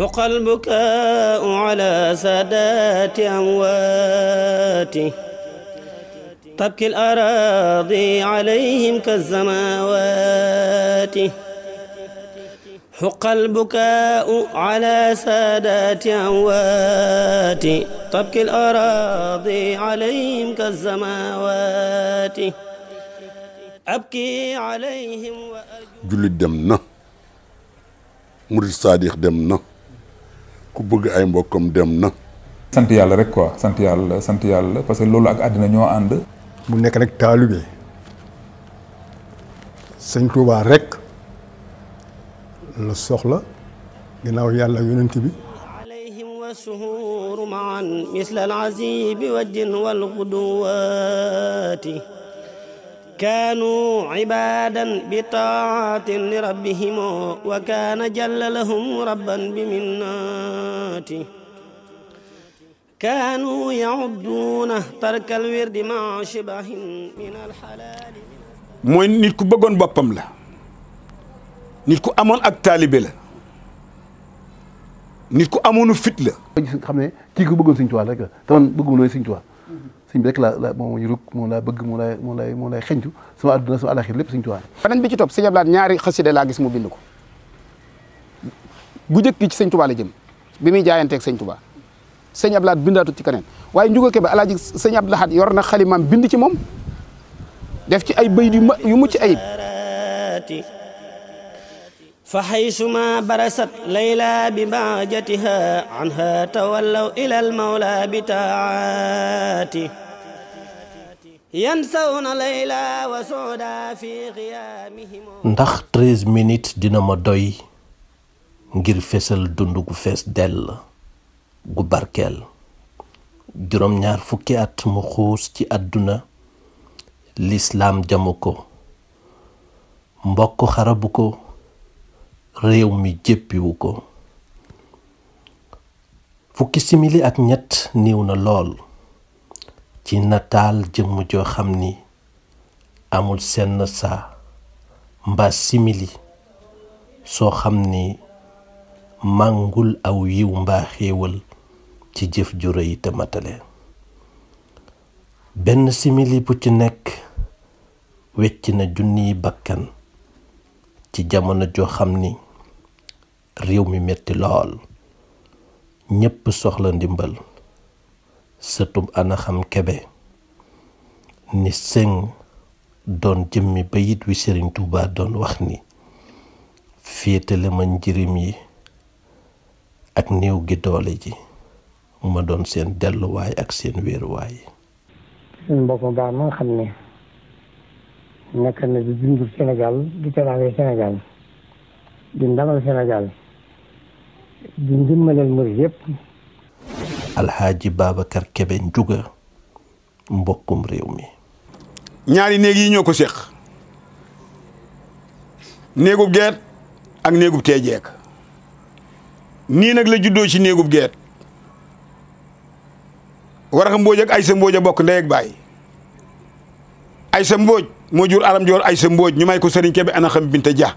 حق البكاء على سادات أمواته تبكي الأراضي عليهم كالزماوات حق البكاء على سادات أموات تبكي الأراضي عليهم كالزماوات أبكي عليهم وأجل جلد دمنا مرد صادق دمنا ku bëgg ay mbokkam dem na. sant yàlla rek quoi sant yàlla sant yàlla parce que loolu ak àddina ñoo ànd. mu nekk rek taalibe sëñ Tuubaa rek la soxla ginnaaw yàlla yonent bi. السهور معا مثل العزيب والدن والغدوات كانوا عبادا بطاعة لربهم وكان جل لهم ربا بمناته كانوا يعدون ترك الورد مع شبه من الحلال mooy nit ku bëggoon boppam la nit ku amoon ak taalibe la nit ku amoonu fit la. xam ne kii ku bëggoon Sëñ Tuubaa rek la te bëgguma looy Sëñ sëñ bi rek laa la moom moom laa bëgg moom lay moom lay moom lay xencu sama àdduna lépp sëñ Tuubaa beneen bi ci topp sëñ Ablaat ñaari xasida laa gis mu bind ko bu njëkk gi ci sëñ Tuubaa la jëm bi muy jaayanteeg sëñ Tuubaa sëñ Ablaat bindaatu ci keneen waaye njuga ke ba alaaji sëñ Abdou Lahad yor na xalimaam bind ci moom def ci ay bëy yu mucc ayib fa xaysuma barasat layla bi baajatiha anha tawallaw ila almawla bi taati yansawna layla wa sooda fi xiyaamihim ndax treize dina ma doy ngir fesal dund gu fees dell gu barkeel juróom-ñaar fukki at mu xuus ci àdduna lislaam jamu ko mbokk xarabu ko réew mi jéppiwu ko fukki simili ak ñett néew na lool ci nataal jëm joo xam ni amul senn saa mbaa simili soo xam ni màngul aw yiw mbaa xéewal ci jëf ju rëy te matale benn simili bu ci nekk wecc na junniy bakkan ci jamono joo xam ni réew mi metti lool ñépp soxla ndimbal sëtub Anaxam Kebe ni sëng doon jëmmi bayit wi Sëriñ Tuubaa doon wax ni féetale ma njirim yi ak néew gi doole ji ma doon seen delluwaay ak seen wéeruwaay suñ mbokk mu baax ma nga xam ne nekk na di dundul Sénégal di teraange Sénégal ndamal Sénégal di ndimbalal mbër yépp alxaaji Babacar Kebe Njuga mbokkum réew mi ñaari néeg yi ñoo ko séq néegub geet ak néegub tee jeek nii nag la juddoo ci néegub geet waraxa mbooj ak ay mbooj a bokk ndey ak baay aysa mbooj moo jur aram joor ay mbooj ñu may ko sëriñ kebe ana xam binta ja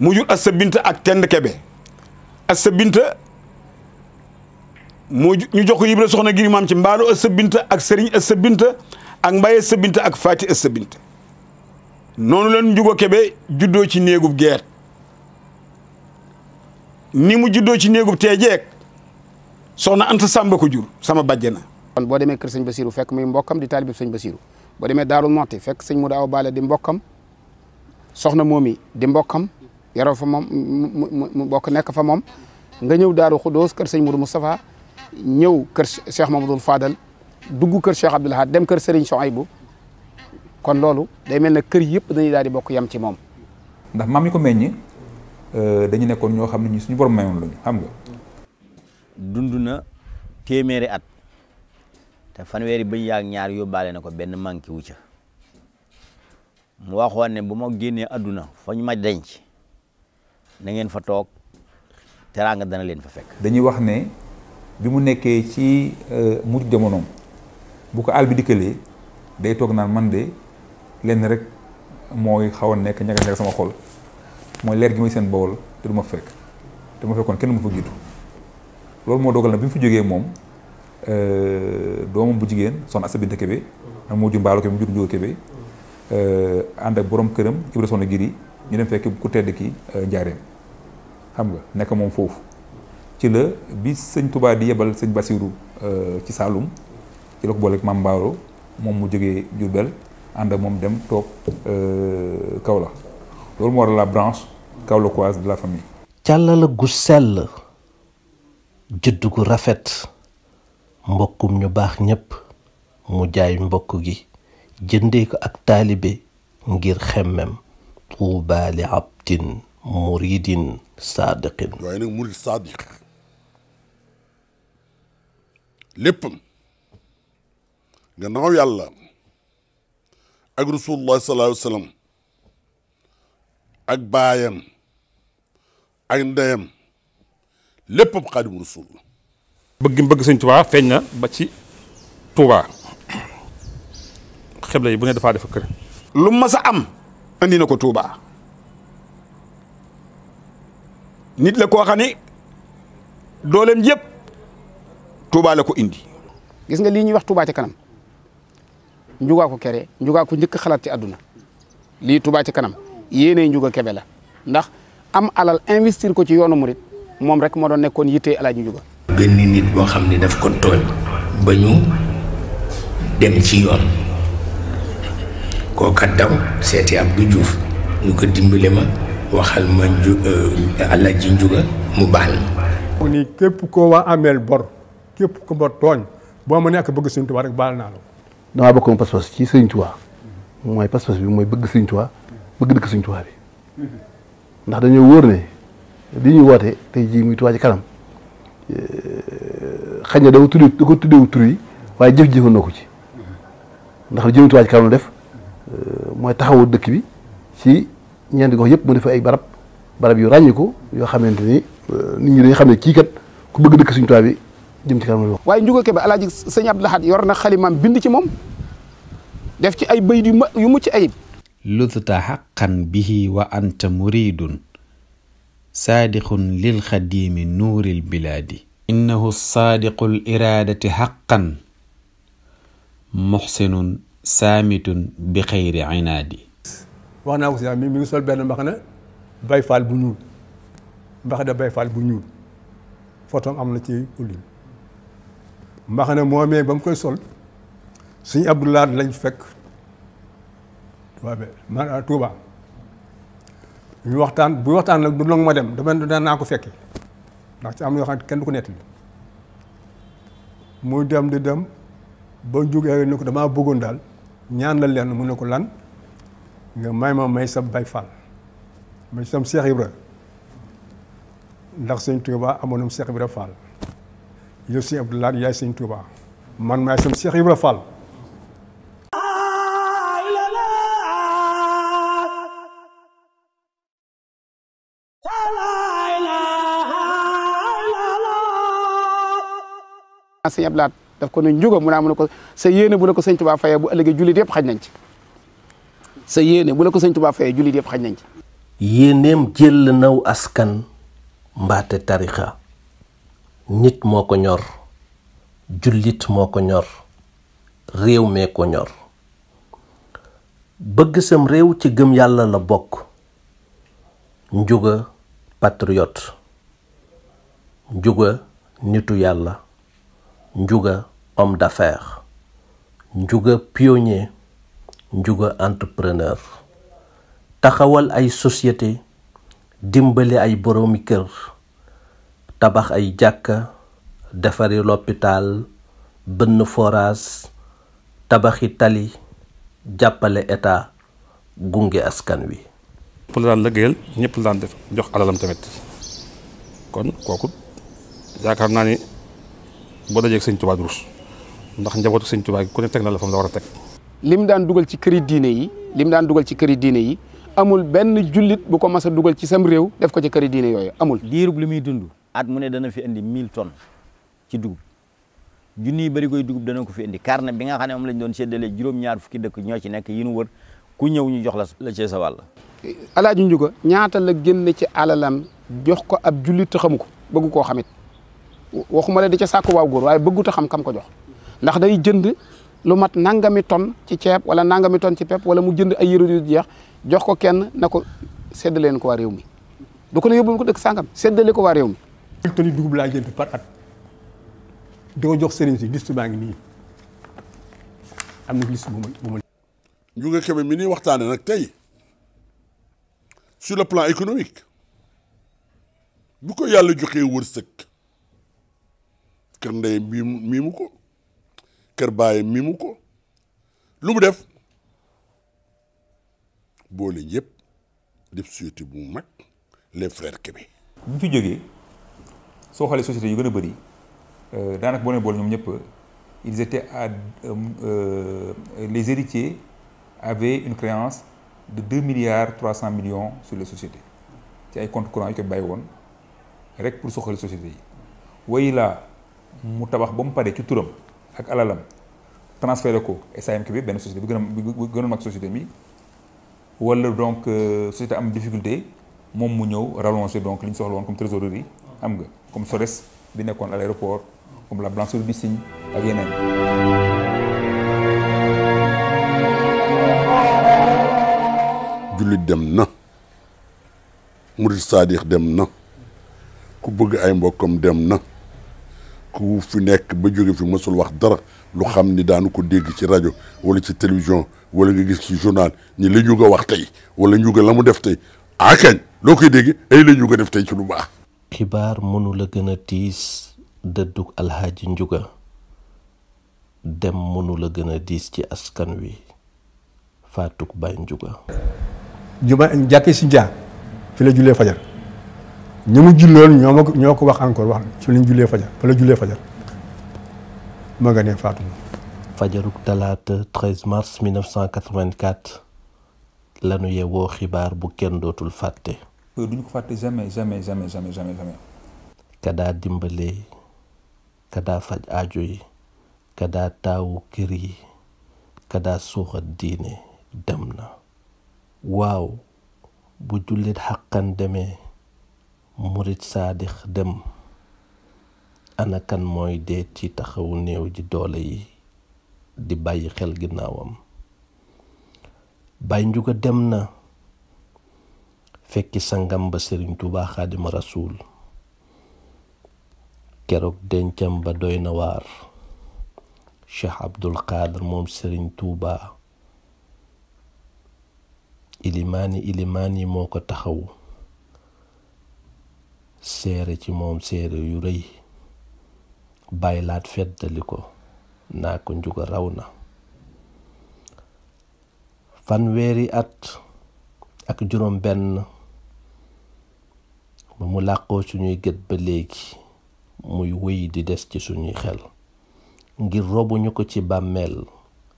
mu jur assa binta ak tend kebe Assa Binta moo ñu jox ko Ibra soxna ngir maam ci Mbaalo Assa Binta ak Serigne Assa Binta ak Mbaye Assa Binta ak Fati Assa Binta noonu la Njugo Kebe juddoo ci néegub geer ni mu juddoo ci néegub teejeek soxna Anta Samba ko jur sama bàjje boo demee kër sëñ Basiru fekk muy mbokkam di taalib sëñ Basiru boo demee Daarul Moxti fekk sëñ mu daaw Balla di mbokkam soxna moom yi di mbokkam yaroo fa moom mbokk nekk fa moom nga ñëw Daaru Khoudoss kër sëñ Modou Moustapha ñëw kër Cheikh Mamadou Fadal dugg kër Cheikh Abdoul Ahad dem kër Serigne Souaïbou kon loolu day mel ne kër yëpp dañuy daal di bokk yam ci moom. ndax maam yi ko meññ euh, dañu nekkoon ñoo xam ne ñu suñu borom mayoon lañu dund na téeméeri at te fanweeri bëñ yaag ñaar yóbbaale na ko benn manqué wu ca mu bu ma génnee àdduna fa ñu ma denc na ngeen fa toog. teraanga dana leen fa fekk. dañuy wax ne bi mu nekkee ci euh, mujj jamonoom bu ko àll bi dikkalee day toog naan man de lenn rek mooy xaw nekk ñaga ñaga sama xol mooy leer gi may seen bawol te du ma fekk te ma fekkoon kenn mu fa jiitu loolu moo dogal na bi mu fi jógee moom euh, doomam bu jigéen soxna Assa Binta Kébé ak moo ju mbaalo Kébé mu jur Njóor Kébé euh, ànd ak borom këram Ibra Soxna Giri ñu dem fekk ku tedd ki njaareem xam nga nekk moom foofu ci la bi sëñ tubaab di yebal sëñ Basiru euh, ci Saalum ci la ko booleeg Mam moom mu jógee Jurbel ànd ak moom dem toog euh, Kaolack loolu moo waral la branche kaolackoise de la famille. càllala gu sell judd gu rafet mbokkum ñu baax ñépp mu jaay mbokk gi jëndee ko ak taalibe ngir xemmem tuubaali abdin muridin saadiqin waaye nag murid saadiq léppam gannaaw yàlla ak rasulullah sallallahu alayhi wa ak baayam ak ndeyam léppam xaadimu rasul bëgg bëgg sëñ Tuubaa feeñ na ba ci Tuubaa xebla yi bu ne dafaa def kër lu mas a am andi ko Tuubaa nit la koo xam ne dooleem yépp Touba la ko indi. gis nga lii ñuy wax Touba ci kanam njugaa ko kere njugaa ko njëkk xalaat ci àdduna lii Touba ci kanam yéenay njuga kebe la ndax am alal investir ko ci yoonu mu murit moom rek moo doon nekkoon yittee alaaji njuga. benn nit boo xam ne daf ko tooñ bañu dem ci yoon kooka daw seeti Abdou Diouf ñu ko dimbale ma. waxal ma ju euh, Alaaji Njuga mu baal ma. ni képp ko waa ameel bor képp ko ma tooñ boo ma nekk bëgg Sëriñ Tuubaa rek baal naa la. damaa bokkoon pas-pas ci Sëriñ Tuubaa mooy pas-pas bi mooy bëgg Sëriñ Tuubaa bëgg dëkk Sëriñ Tuubaa bi ndax dañoo wóor ne li ñu woote tey jii muy Tuubaa ci kanam euh, xëy na da ko tuddee da tur yi waaye jëf-jëfan ko ci ndax jëmi Tuubaa ci kanam def euh, mooy taxawu dëkk bi ci. ñeenti gox yëpp mu def ay barab barab yu ràññiku yoo xamante ni euh, nit ñi dañu xam ne kii ku bëgg dëkk suñu tubaab bi jëm ci kanam la waaye Ndiouga Kébé alaaji sëñ Abdou Lahad yor na xalimaam bind ci moom def ci ay bayit yu mucc ayib lututa xaqan bihi wa anta muridun saadiqun lil xadiimi nuuril bilaadi innahu saadiqul iraadati xaqan muxsinun saamitun bi xayri inaadi wax naa ko si mi mi ngi sol benn bay bayfaal bu ñuul bay bayfaal bu ñuul fotom am na ci Pauline mbaxana moomee ba mu koy sol suñ suñu laat lañ fekk waaw ah, Touba ñu waxtaan bu waxtaan nag du long ma dem dama daan naa ko fekkee ndax ci am na kenn du ko nettali muy dem di dem ba jógee ni ko damaa bëggoon daal ñaan la leen mu ne ko lan nga may ma may sa bay fall may sam Seex Ibra ndax sëñ Touba amoon na Seex Ibra Fall yow sëñ Abdou Lahad yaay sëñ Touba man maay sam Seex Ibra Fall sëñ Abdou Lahad daf ko ne njuga mu naa mu ko sa yéene bu ko sëñ Touba a bu ëllëgee jullit yëpp xaj nañ ci sa yéene bu la ko sëñ Tuubaa fayee jullit yëpp xaj nañ naw askan mbaate tarixa nit moo ko ñor jullit moo ko ñor réew mee ko ñor bëgg sam réew ci gëm yàlla la bokk njuga patriote njuga nitu yàlla njuga homme d'affaires njuga pionnier njugo entrepreneur taxawal ay société dimbali ay boroomi kër tabax ay jàkka defari lopitaal bënn forage tabaxi tali jàppale état gunge askan wi. ñëpp la daan liggéeyal ñëpp la daan def jox alalam tamit kon kooku yaakaar naa ni boo dajee ak sëñ Tuubaa ruus ndax njabootu sëñ Tuubaa gi ku ne teg na la fa mu la war a teg. lim daan dugal ci këri diine yi lim daan dugal ci këri diine yi amul benn jullit bu ko mas dugal ci sam réew def ko ci këri diine yooyu amul. diirub li muy dund at mu ne dana fi indi 1000 tonnes ci dugub junniy bëri koy dugub dana ko fi kar na bi nga xam ne moom lañ doon séddalee juróom-ñaar fukki dëkk ñoo ci nekk yi nu wër ku ñëw ñu jox la la cee sa wàll. Alaaji Njuga ñaata la génne ci alalam jox ko ab jullit te xamu ko bëgg koo xamit waxuma la da ca sàkku waaw góor waaye bëggu xam kam ko jox ndax day jënd. lu mat nangami ton ci ceeb wala nangami ton ci pep wala mu jënd ay yëre yu jeex jox ko kenn na ko séddale leen ko waa réew mi du ko ne yóbbul ko dëkk sàngam seddale ko waa réew mi. mille ko jox sëriñ si liste baa ngi nii am na liste bu ma bu ma. mi nii waxtaane nag tey sur le plan économique bu ko yàlla joxee wërsëg. kër ndey mii mu ko. kër baay mimu ko lu mu def boole ñëpp def société bu mag les frères Kébé. bi mu fi jógee soo xoolee société yu gën a bëri euh, daanaka boo nee boole ñoom ñëpp ils étaient à euh, euh, les héritiers avaient une créance de deux milliards trois cent millions sur les sociétés ci ay comptes courants yu ko bàyyi woon rek pour soxal société yi. way mu tabax ba mu paree ci turam. ak alalam transféré ko SAMQ bi benn société bi gën a bu gën société mi wala donc euh, société am difficulté moom mu ñëw rallonger donc li ñu soxla woon comme trésorerie am nga comme Sores bi nekkoon à l'aéroport comme la blancheur du signe ak yeneen. jullit dem na murid saadix dem na ku bëgg ay mbokkam dem na. ku fi nekk ba jóge fi mësul wax dara lu xam ni daanu ko dégg ci rajo wala ci télévision wala nga gis ci journal ñi la ñu nga wax tey wala ñu la mu def tey akañ ah, loo koy dégg ay la nga def tey ci lu baax xibaar mënula gën a tiis dëddug alxaaji njuga dem mënula gën a diis ci askan wi faatuk bay njuga juma jàkkee si njaa fi la jullee fajar ña mu julloon ñoo ko wax encore wax ci lañ jullee fajar bala jullee fajar ma nga ne faatu fajaruk talaata mars lanu yewoo xibaar bu kenn dootul fàtte. du ñu ko fàtte jamais jamais jamais jamais kadaa dimbale kadaa faj aajo yi kadaa taawu kër yi kadaa suuxat diine dem na waaw bu jullit xàqan demee. murit saadix dem anakan mooy dee ci taxawu néew ji doole yi di bàyyi xel ginnaawam Baay Njuga dem na fekki sangam ba Sëriñ Tuubaa Xaadima Rasuul keroog dencam ba doy na waar Cheikh Abdul Qadir moom Sëriñ tuuba ilimaani ilimaan yi moo ko taxawu seere ci moom seere yu rëy bàyyi laat feddali ko naa ko njuga raw na fanweeri at ak juróom benn ba mu làqoo suñuy gët ba léegi muy wéy di des ci suñuy xel ngir robuñu ko ci bàmmeel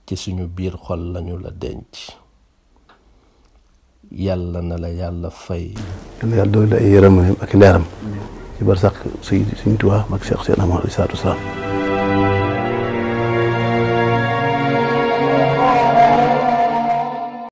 ci sunu biir xol lañu la denc yàlla na la yàlla fay. yàlla yàlla doole ay yërëm ak leeram ci barsàq suy suñu Tuubaa ak Seex seen amoon salaatu salaam